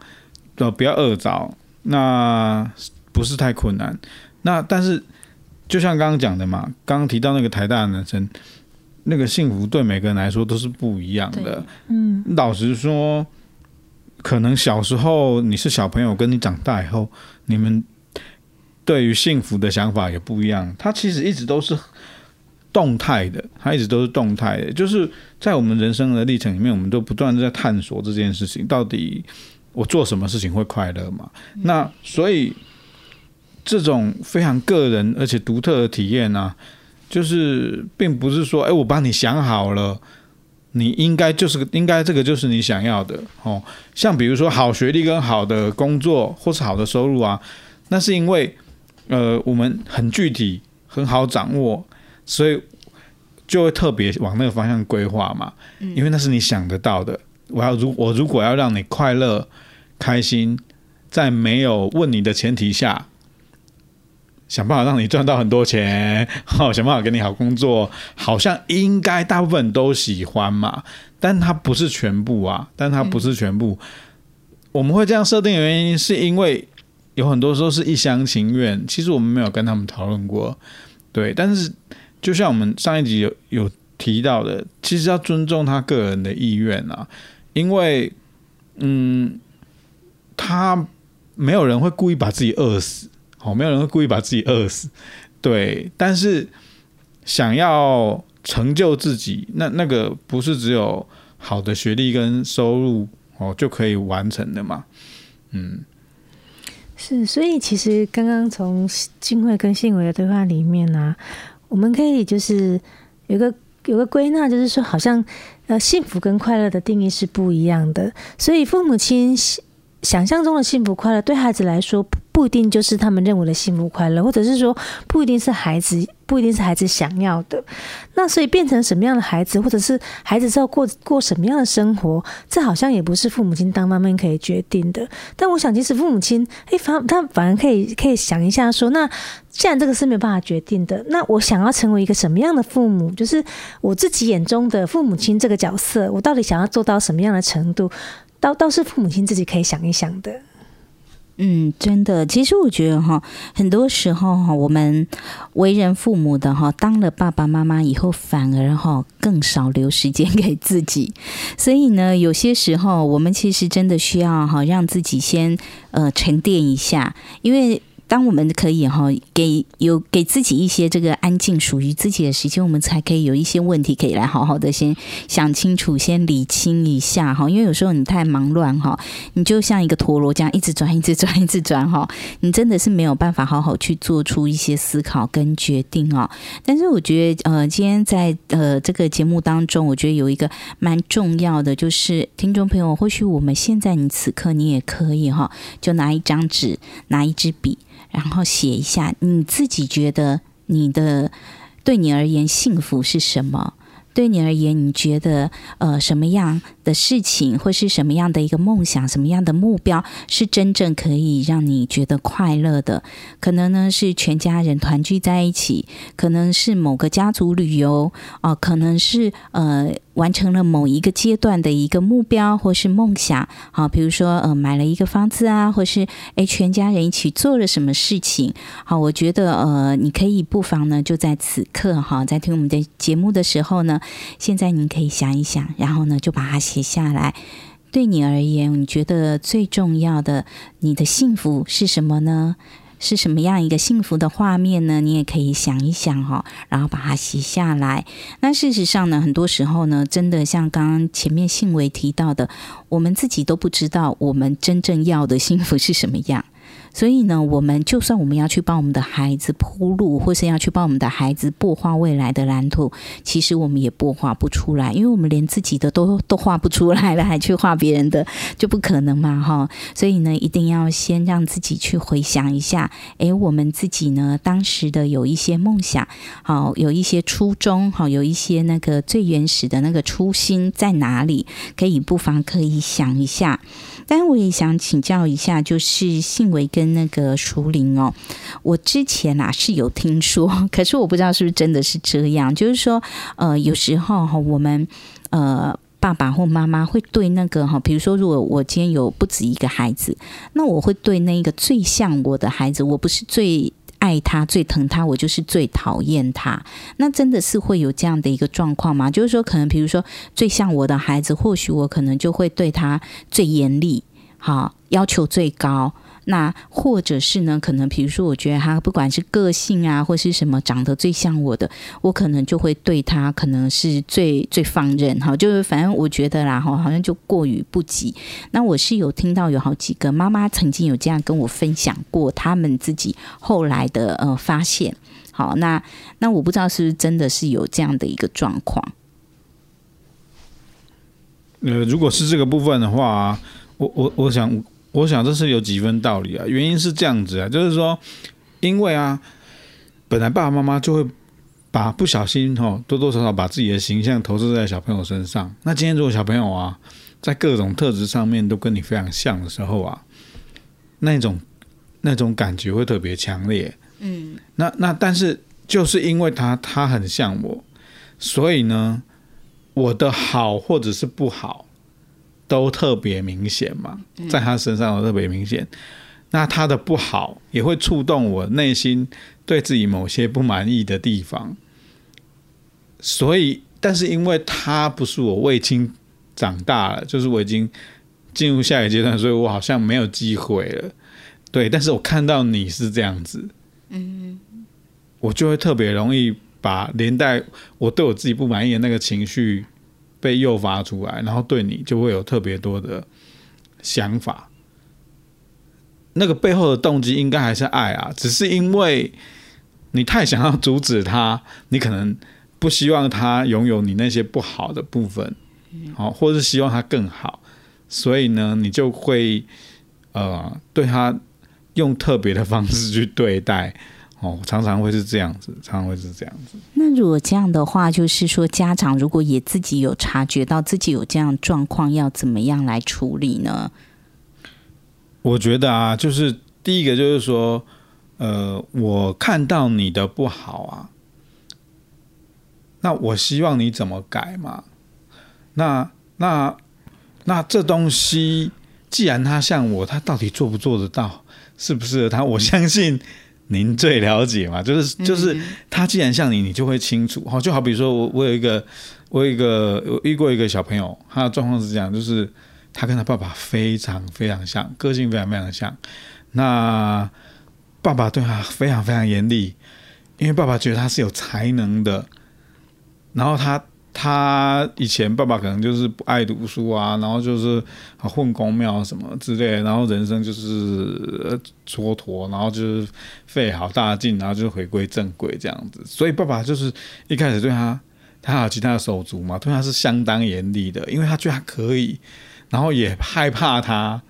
呃，不要餓着那。不是太困難。那但是，就像剛剛講的嘛，剛剛提到那個台大的男生，那個幸福對每個人來說都是不一樣的。嗯，老實說，可能小時候你是小朋友，跟你長大以後，你們對於幸福的想法也不一樣。它其實一直都是動態的，它一直都是動態的，就是在我們人生的歷程裡面，我們都不斷在探索這件事情：到底我做什麼事情會快樂嘛？嗯，那所以。這種非常個人而且獨特的體驗啊，就是並不是說，哎、欸，我幫你想好了，你應該就是應該這個就是你想要的哦。像比如說好學歷跟好的工作或是好的收入啊，那是因為呃我們很具體，很好掌握，所以就會特別往那個方向規劃嘛。因為那是你想得到的。我要如我如果要讓你快樂開心，在沒有問你的前提下，想辦法讓你賺到很多錢，好，想辦法給你好工作，好像應該大部分都喜歡嘛，但他不是全部啊，但他不是全部。嗯。我們會這樣設定的原因，是因為有很多時候是一廂情願，其實我們沒有跟他們討論過，對。但是就像我們上一集有有提到的，其實要尊重他個人的意願啊，因為嗯，他沒有人會故意把自己餓死。好、哦，沒有人會故意把自己餓死，對。但是想要成就自己，那那個不是只有好的學歷跟收入哦就可以完成的嘛？嗯，是。所以其實剛剛從靜慧跟信維的對話裡面呢、啊，我們可以就是有個有個歸納，就是說好像呃，幸福跟快樂的定義是不一樣的。所以父母親想象中的幸福快樂，對孩子來說。不一定就是他們認為的幸福快樂，或者是說不一定是孩子，不一定是孩子想要的。那所以變成什麼樣的孩子，或者是孩子之後過過什麼樣的生活，這好像也不是父母親當媽媽可以決定的。但我想，其實父母親哎、欸、反他反而可以可以想一下說，說那既然這個是沒辦法決定的，那我想要成為一個什麼樣的父母，就是我自己眼中的父母親這個角色，我到底想要做到什麼樣的程度，倒倒是父母親自己可以想一想的。嗯，真的，其實我覺得哈，很多時候哈，我們為人父母的哈，當了爸爸媽媽以後，反而哈更少留時間給自己，所以呢，有些時候我們其實真的需要哈，讓自己先呃沉澱一下，因為，當我們可以哈、哦、給有給自己一些這個安靜屬於自己的時間，我們才可以有一些問題可以來好好的先想清楚，先理清一下哈。因為有時候你太忙亂哈，你就像一個陀螺這樣一直轉，一直轉，一直轉哈，你真的是沒有辦法好好去做出一些思考跟決定哦。但是我覺得呃，今天在呃這個節目當中，我覺得有一個蠻重要的，就是聽眾朋友，或許我們現在你此刻你也可以哈，就拿一張紙，拿一支筆。然後寫一下你自己覺得你的，對你而言幸福是什麼？對你而言，你覺得呃什麼樣的事情，或是什麼樣的一個夢想，什麼樣的目標是真正可以讓你覺得快樂的？可能呢是全家人團聚在一起，可能是某個家族旅遊，哦、呃，可能是呃。完成了某一個階段的一個目標，或是夢想，好，比如說呃，買了一個房子啊，或是誒，全家人一起做了什麼事情，好，我覺得呃，你可以不妨呢，就在此刻哈，在聽我們的節目的時候呢，現在你可以想一想，然後呢，就把它寫下來。對你而言，你覺得最重要的，你的幸福是什麼呢？是什麼樣一個幸福的畫面呢？你也可以想一想哈、哦，然後把它寫下來。那事實上呢，很多時候呢，真的像剛剛前面信維提到的，我們自己都不知道我們真正要的幸福是什麼樣。所以呢，我們就算我們要去幫我們的孩子鋪路，或是要去幫我們的孩子擘畫未來的藍圖，其實我們也擘畫不出來，因為我們連自己的都都畫不出來了，還去畫別人的，就不可能嘛，哈。所以呢，一定要先讓自己去回想一下，誒，我們自己呢，當時的有一些夢想，好，有一些初衷，好，有一些那個最原始的那個初心在哪裡？可以不妨可以想一下。但我也想請教一下，就是信維跟那個淑鈴哦，我之前啊，是有聽說，可是我不知道是不是真的是這樣。就是說，呃，有時候哈，我們呃爸爸或媽媽會對那個哈，比如說，如果我今天有不止一個孩子，那我會對那個最像我的孩子，我不是最。愛他，最疼他，我就是最討厭他。那真的是會有這樣的一個狀況嗎？就是說，可能比如說，最像我的孩子，或許我可能就會對他最嚴厲，好、啊、要求最高。那或者是呢，可能比如說，我覺得他不管是個性啊，或是什麼長得最像我的，我可能就會對他可能是最最放任哈。就是反正我覺得啦哈，好像就過於不及。那我是有聽到有好幾個媽媽曾經有這樣跟我分享過他們自己後來的呃發現。好，那那我不知道是不是真的是有這樣的一個狀況。呃，如果是這個部分的話，我我我想。我想這是有幾分道理啊，原因是這樣子啊，就是說，因為啊，本來爸爸媽媽就會把不小心哈、哦，多多少少把自己的形象投射在小朋友身上。那今天如果小朋友啊，在各種特質上面都跟你非常像的時候啊，那種那種感覺會特別強烈。嗯，那那但是就是因為他他很像我，所以呢，我的好或者是不好，都特別明顯嘛，在他身上都特別明顯。嗯、那他的不好也會觸動我內心對自己某些不滿意的地方。所以，但是因為他不是我，我已經長大了，就是我已經進入下一個階段，嗯、所以我好像沒有機會了。對，但是我看到你是這樣子，嗯，我就會特別容易把連帶我對我自己不滿意的那個情緒。被誘發出來，然後對你就會有特別多的想法。那個背後的動機應該還是愛啊，只是因為你太想要阻止他，你可能不希望他擁有你那些不好的部分，好、嗯哦，或是希望他更好，所以呢，你就會呃對他用特別的方式去對待。哦，常常會是這樣子，常常會是這樣子。那如果這樣的話，就是說家長如果也自己有察覺到自己有這樣的狀況，要怎麼樣來處理呢？我覺得啊，就是第一個就是說，呃，我看到你的不好啊，那我希望你怎麼改嘛？那那那這東西，既然他像我，他到底做不做得到？是不是他？嗯，我相信。您最了解嘛，就是就是他既然像你，你就會清楚。好，嗯，就好比說我有我有一個我有一個我遇過一個小朋友，他的狀況是這樣，就是他跟他爸爸非常非常像，個性非常非常像。那爸爸對他非常非常嚴厲，因為爸爸覺得他是有才能的，然後他。他以前爸爸可能就是不愛讀書啊，然後就是混宮廟什麼之類的，然後人生就是蹉跎，然後就是費好大勁，然後就回歸正軌這樣子。所以爸爸就是一開始對他，他還有其他的手足嘛，對他是相當嚴厲的，因為他覺得他可以，然後也害怕他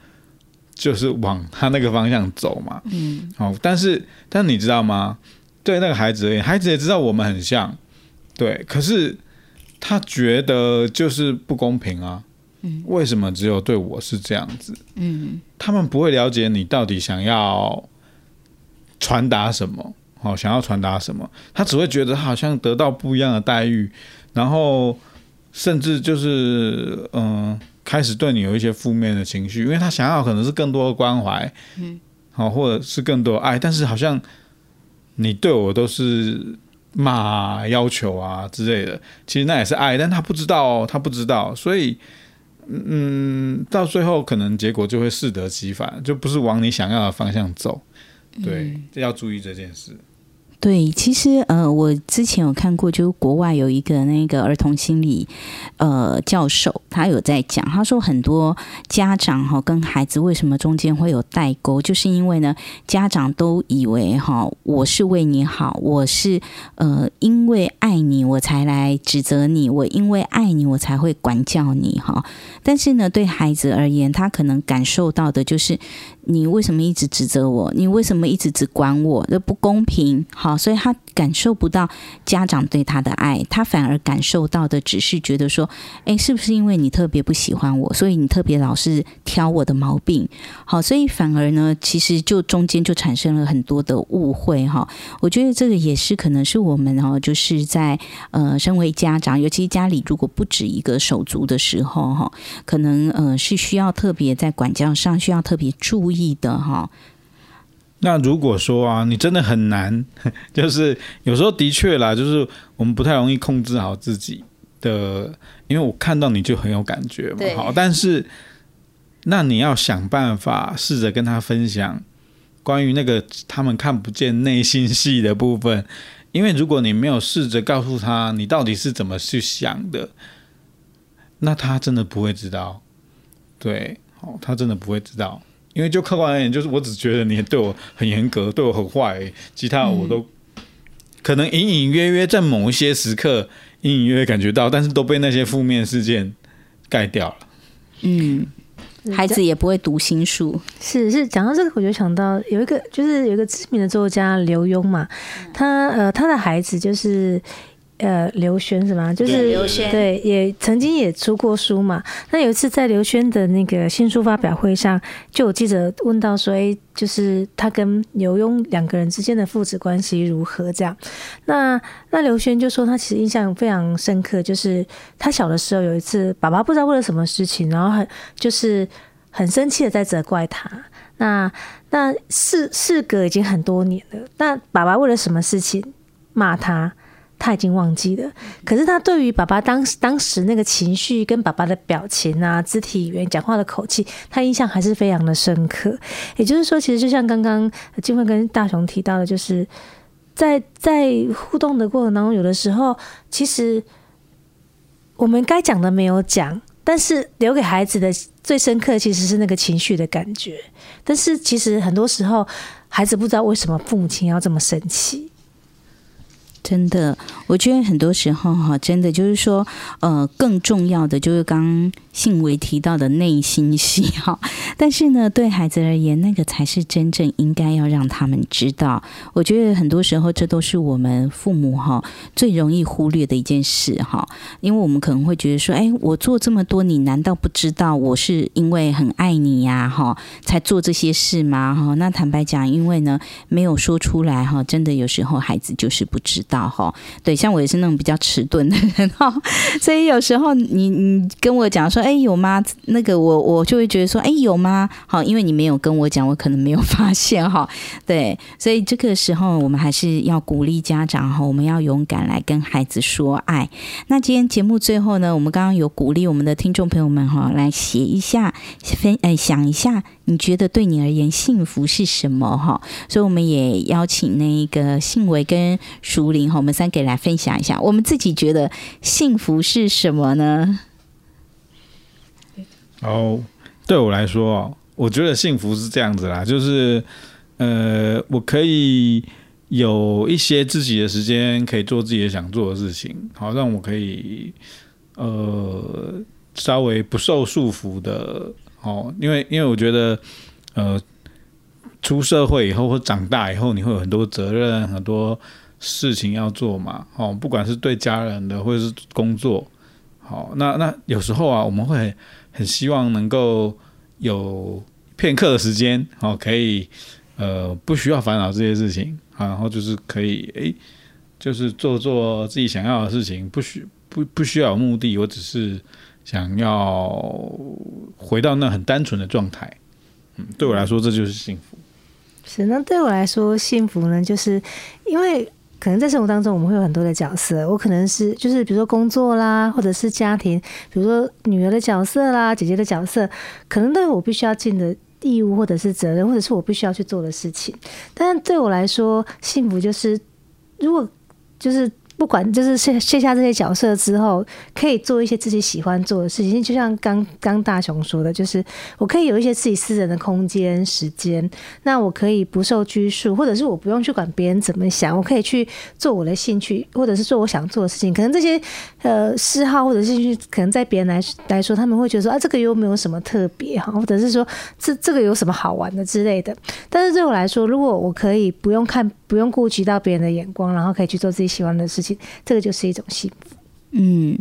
就是往他那個方向走嘛。嗯。哦，但是，但是你知道嗎？對那個孩子而言，孩子也知道我們很像，對，可是。他覺得就是不公平啊！嗯，為什麼只有對我是這樣子？嗯，他們不會了解你到底想要傳達什麼，好、哦、想要傳達什麼？他只會覺得好像得到不一樣的待遇，然後甚至就是嗯、呃，開始對你有一些負面的情緒，因為他想要可能是更多的關懷，嗯、哦，好或者是更多愛，但是好像你對我都是。罵、要求啊之類的，其實那也是愛，但他不知道、哦，他不知道，所以，嗯，到最後可能結果就會適得其反，就不是往你想要的方向走。對，嗯、要注意這件事。對，其實，呃，我之前有看過，就是國外有一個那個兒童心理呃教授，他有在講，他說很多家長哈跟孩子為什麼中間會有代溝？就是因為呢，家長都以為哈我是為你好，我是呃因為愛你我才來指責你，我因為愛你我才會管教你哈。但是呢，對孩子而言，他可能感受到的就是你為什麼一直指責我，你為什麼一直只管我，這不公平。好，所以他感受不到家長對他的愛，他反而感受到的只是覺得說，誒，是不是因為你特別不喜歡我，所以你特別老是挑我的毛病，好，所以反而呢，其實就中間就產生了很多的誤會哈。我覺得這個也是可能是我們哦，就是在呃，身為家長，尤其是家裡如果不止一個手足的時候哈，可能呃是需要特別在管教上需要特別注意的哈。那如果說啊，你真的很難，就是有時候的確啦，就是我們不太容易控制好自己。的，因為我看到你就很有感覺嘛，對好，但是那你要想辦法試着跟他分享關於那個他們看不見內心戲的部分，因為如果你沒有試着告訴他你到底是怎麼去想的，那他真的不會知道，對，好、哦，他真的不會知道，因為就客觀而言，就是我只覺得你對我很嚴格，對我很壞、欸，其他我都、嗯、可能隱隱約約在某一些時刻。隱隱約約感覺到，但是都被那些負面事件蓋掉了。嗯，孩子也不會讀心術。是是，講到這個，我就想到有一個，就是有一個知名的作家劉墉嘛，他呃，他的孩子就是。呃，劉軒是嗎？就是劉軒對,對，也曾經也出過書嘛。那有一次在劉軒的那個新書發表會上，就有記者問到說：“誒、欸，就是他跟劉墉兩個人之間的父子關係如何？”這樣，那那劉軒就說他其實印象非常深刻，就是他小的時候有一次，爸爸不知道為了什麼事情，然後很就是很生氣的在責怪他。那那事事隔已經很多年了，那爸爸為了什麼事情罵他？他已經忘記了，可是他對於爸爸當時當時那個情緒跟爸爸的表情啊、肢體語言、講話的口氣，他印象還是非常的深刻。也就是說，其實就像剛剛靜慧跟大雄提到的，就是在在互動的過程當中，有的時候其實我們該講的沒有講，但是留給孩子的最深刻其實是那個情緒的感覺。但是其實很多時候，孩子不知道為什麼父母親要這麼生氣。真的，我覺得很多時候哈，真的就是說，呃，更重要的就是剛剛信維提到的內心戲，哈。但是呢，對孩子而言，那個才是真正應該要讓他們知道。我覺得很多時候，這都是我們父母哈最容易忽略的一件事哈，因為我們可能會覺得說，哎，我做這麼多，你難道不知道我是因為很愛你呀？哈，才做這些事嗎？哈，那坦白講，因為呢，沒有說出來哈，真的有時候孩子就是不知道哈。對，像我也是那種比較遲鈍的人哈，所以有時候你你跟我講說。哎，有嗎？那個我我就會覺得說，哎，有嗎？好，因為你沒有跟我講，我可能沒有發現哈。對，所以這個時候我們還是要鼓勵家長哈，我們要勇敢來跟孩子說愛。那今天節目最後呢，我們剛剛有鼓勵我們的聽眾朋友們哈，來寫一下分，哎，想一下，你覺得對你而言幸福是什麼哈？所以我們也邀請那個信維跟淑鈴，哈，我們三個來分享一下，我們自己覺得幸福是什麼呢？然後、oh, 對我來說，我覺得幸福是這樣子啦，就是，呃，我可以有一些自己的時間，可以做自己想做的事情，好讓我可以呃稍微不受束縛的哦，因為因為我覺得呃出社會以後或長大以後，你會有很多責任，很多事情要做嘛，哦，不管是對家人的或是工作，好，那那有時候啊，我們會。很希望能夠有片刻的時間，哦，可以呃，不需要煩惱這些事情，啊，然後就是可以誒，就是做做自己想要的事情，不需不不需要有目的，我只是想要回到那很單純的狀態。嗯，對我來說這就是幸福。是，那對我來說幸福呢，就是因為。可能在生活當中，我們會有很多的角色。我可能是就是比如說工作啦，或者是家庭，比如說女兒的角色啦，姐姐的角色，可能都有我必須要盡的義務或者是責任，或者是我必須要去做的事情。但對我來說，幸福就是如果就是。不管就是卸卸下這些角色之後，可以做一些自己喜歡做的事情。就像剛剛大雄說的，就是我可以有一些自己私人的空間、時間，那我可以不受拘束，或者是我不用去管別人怎麼想，我可以去做我的興趣，或者是做我想做的事情。可能這些呃嗜好或者興趣，可能在別人來來說，他們會覺得說啊，這個又沒有什麼特別哈，或者是說這這個有什麼好玩的之類的。但是對我來說，如果我可以不用看。不用顧及到別人的眼光，然後可以去做自己喜歡的事情，這個就是一種幸福。嗯，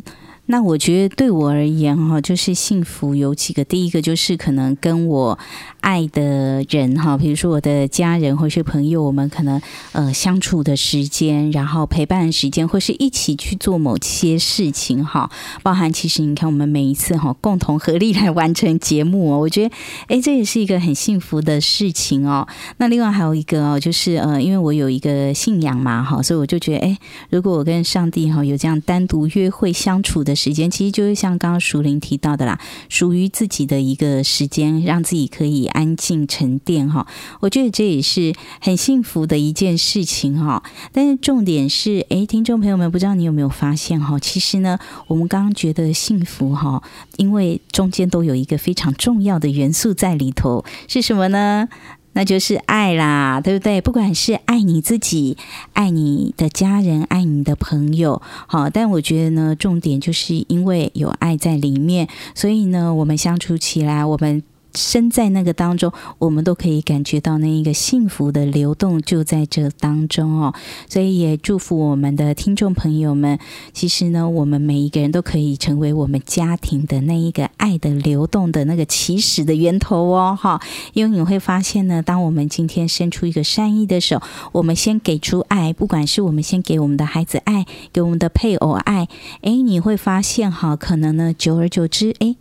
那我覺得對我而言，哈，就是幸福有幾個，第一個就是可能跟我。愛的人哈，比如說我的家人或是朋友，我們可能呃相處的時間，然後陪伴時間，或是一起去做某些事情哈。包含其實你看，我們每一次哈共同合力來完成節目哦，我覺得哎這也是一個很幸福的事情哦。那另外還有一個哦，就是呃因為我有一個信仰嘛哈，所以我就覺得哎，如果我跟上帝哈有這樣單獨約會相處的時間，其實就是像剛剛淑鈴提到的啦，屬於自己的一個時間，讓自己可以。安靜沉澱哈，我覺得這也是很幸福的一件事情哈。但是重點是，誒，聽眾朋友們，不知道你有沒有發現哈？其實呢，我們剛剛覺得幸福哈，因為中間都有一個非常重要的元素在裡頭，是什麼呢？那就是愛啦，對不對？不管是愛你自己、愛你的家人、愛你的朋友，好，但我覺得呢，重點就是因為有愛在裡面，所以呢，我們相處起來，我們。身在那個當中，我們都可以感覺到那一個幸福的流動就在這當中哦，所以也祝福我們的聽眾朋友們。其實呢，我們每一個人都可以成為我們家庭的那一個愛的流動的那個起始的源頭哦，哈。因為你會發現呢，當我們今天伸出一個善意的手，我們先給出愛，不管是我們先給我們的孩子愛，給我們的配偶愛，哎，你會發現哈，可能呢，久而久之，哎。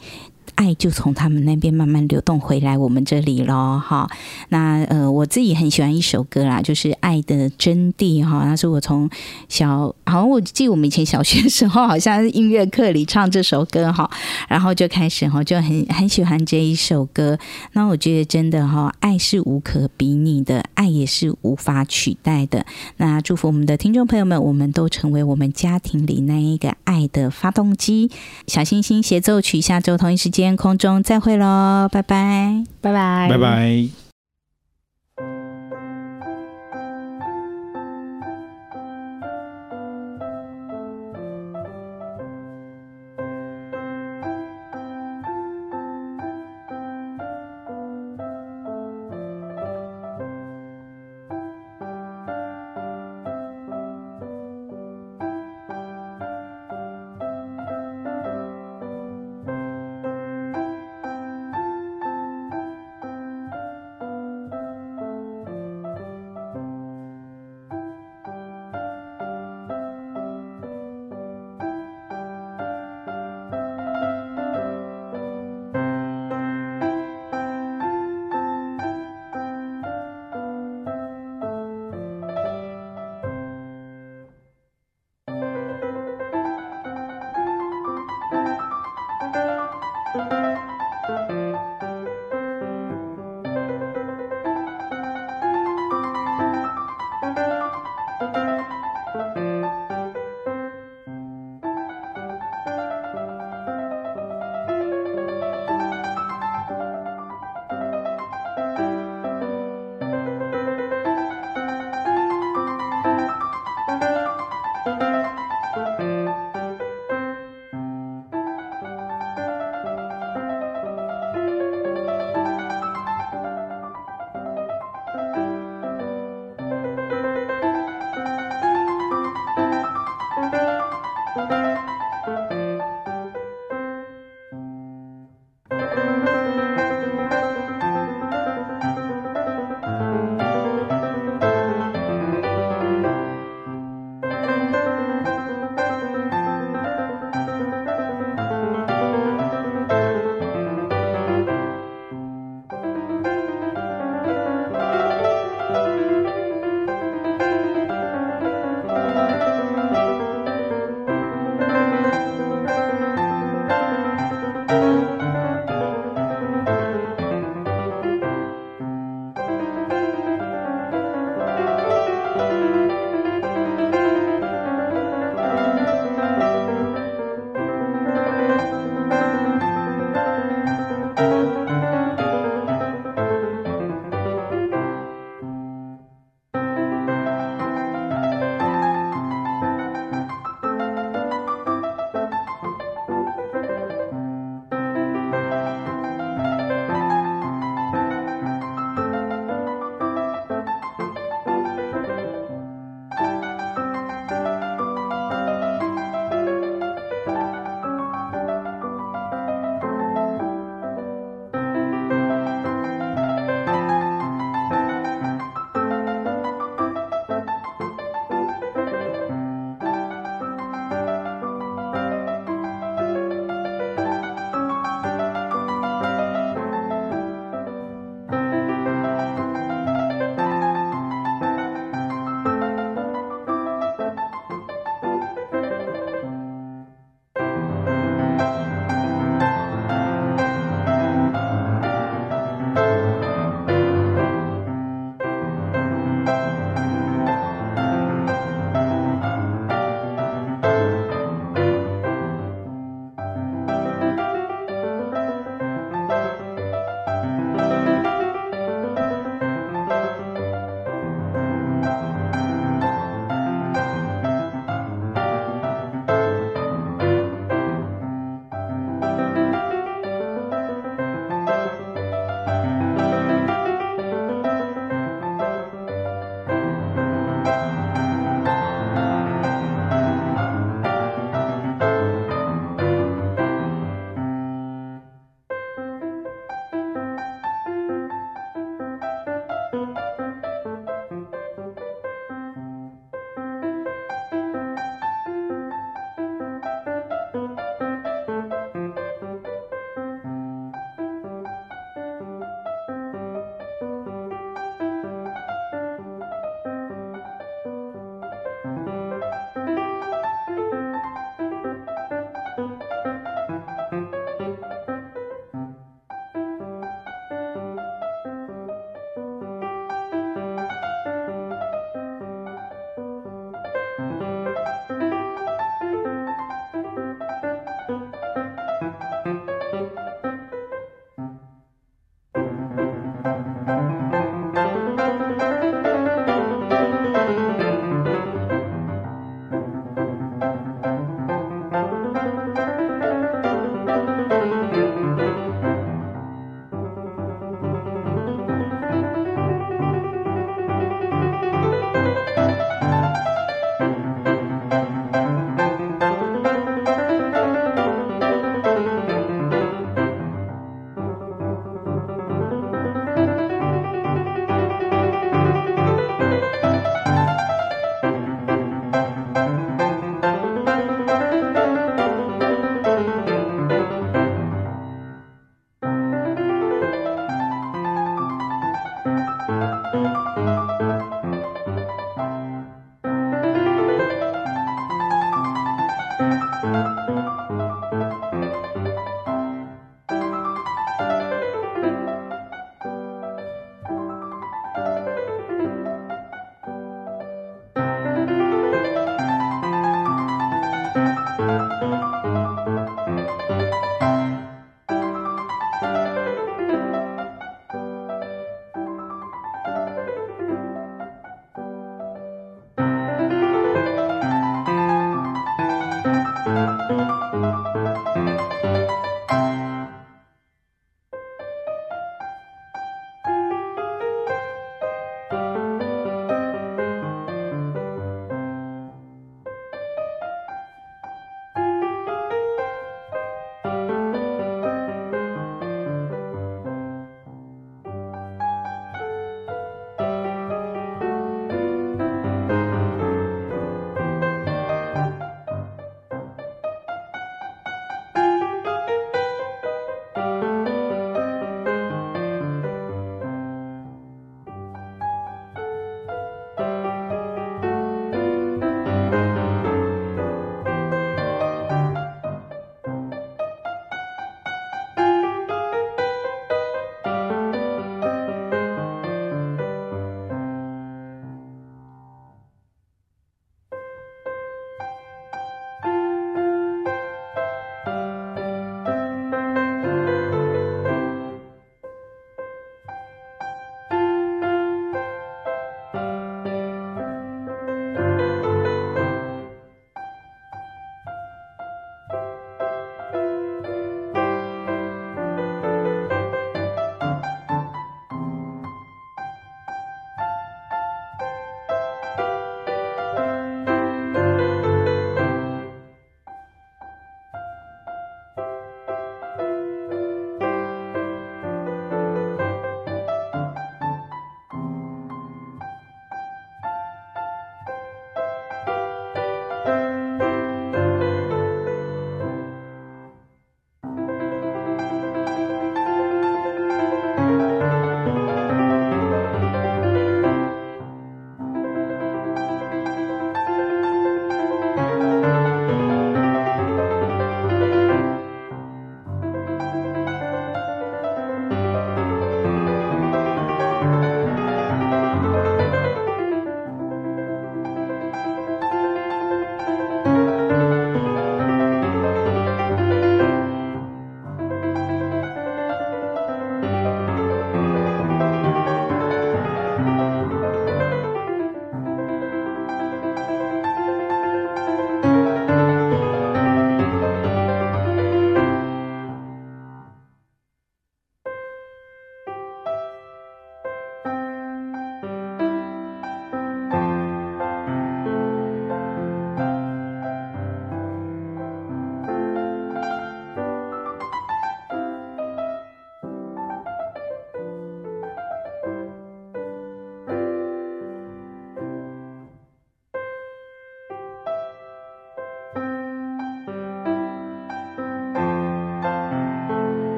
愛就從他們那邊慢慢流動回來我們這裡咯哈，那呃我自己很喜歡一首歌啦，就是《愛的真諦》哈，那是我從小，好像我記得我們以前小學的時候，好像是音樂課裡唱這首歌哈，然後就開始哈，就很很喜歡這一首歌。那我覺得真的哈，愛是無可比擬的，愛也是無法取代的。那祝福我們的聽眾朋友們，我們都成為我們家庭裡那一個愛的發動機。小星星協奏曲，下周同一時間。天空中，再會嘍，拜拜，拜拜 bye，拜拜。